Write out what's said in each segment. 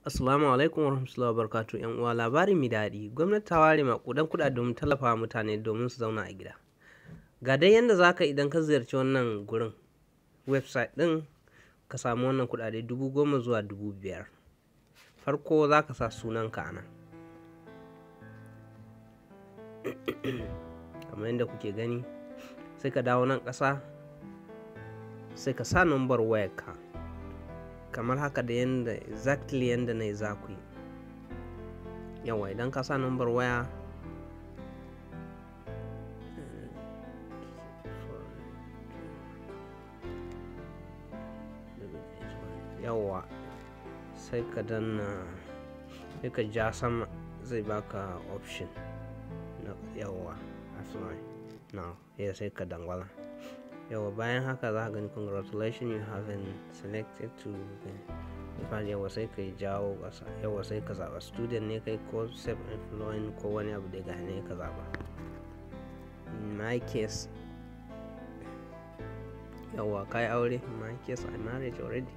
Assalamu alaikum wa barakatu yan uwa labarin mi daɗi gwamnati ta ware makudan kuɗa domin tallafa mutane domin su zauna a gida ga dai yanda zaka idan ka ziyarci wannan gurin website ɗin ka samu wannan kuɗaɗe dubu goma zuwa dubu biyar farko za ka sa sunanka a nan kamar yadda kuke gani sai ka dawo nan ƙasa sai ka sa nambar wayarka kamar haka da yanda exactly yanda na yi za ku yi yawa idan ka sa nambar waya yawa sai ka danna sai ka ja sama zai baka option na yawa sai ka dangwala yawa bayan haka za ka gani congratulations you have been selected to the yawa sai ka jawo ƙasa yawa sai ka zaɓa student ne kai ko self employing ko wani abu daga ne ka zaɓa in my case yawa kai aure in my case i married already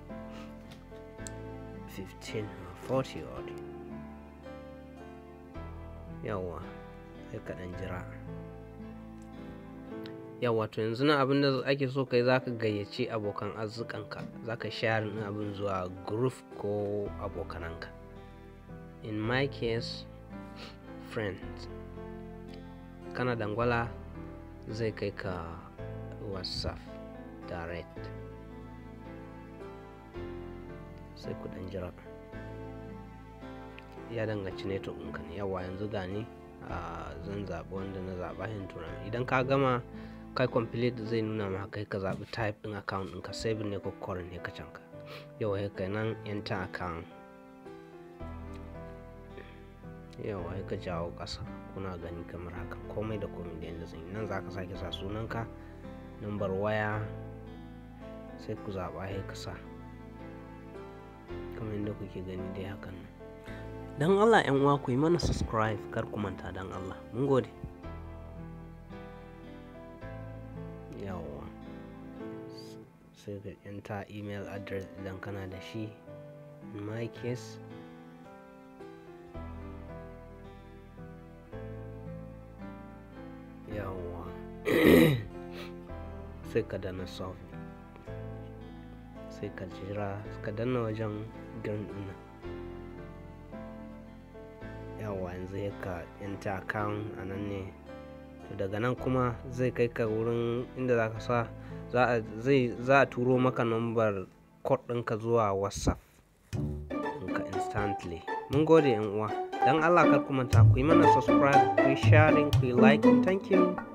15 or 40 odd yawa sai ka ɗan jira yawa to yanzu na abin da ake so kai zaka gayyace abokan arzikanka zaka share din abin zuwa group ko abokananka in my case friends kana dangwala zai kai ka whatsapp direct sai ku dan jira ya danganci ne ɗinka ne yawa yanzu gani a ah, zan zaɓi wanda na zaɓa yin turan idan ka gama kai complete zai nuna ma kai ka zaɓi type ɗin account ɗinka saving ne ko current ne ka canka yawa ya ka nan enter account yawa ya ka jawo ƙasa kuna gani kamar haka komai da komai da yanzu zan nan za ka sake sa sunanka number waya sai ku zaɓa ya ka sa kamar yadda kuke gani dai hakan nan Dan allah yan uwa ku yi mana subscribe kar ku manta dan allah mun gode sai ka enter email address idan kana da shi in my case yawwa sai ka dana soft sai ka jira ka danna wajen girin ina. yawa yanzu ka enter account a nan ne daga nan kuma zai kai ka wurin inda za ka sa za a turo maka nambar kod ɗinka zuwa whatsapp ɗinka instantly mun gode yan uwa don allah kar ku manta ku yi mana subscribe ku yi sharing ku yi liking thank you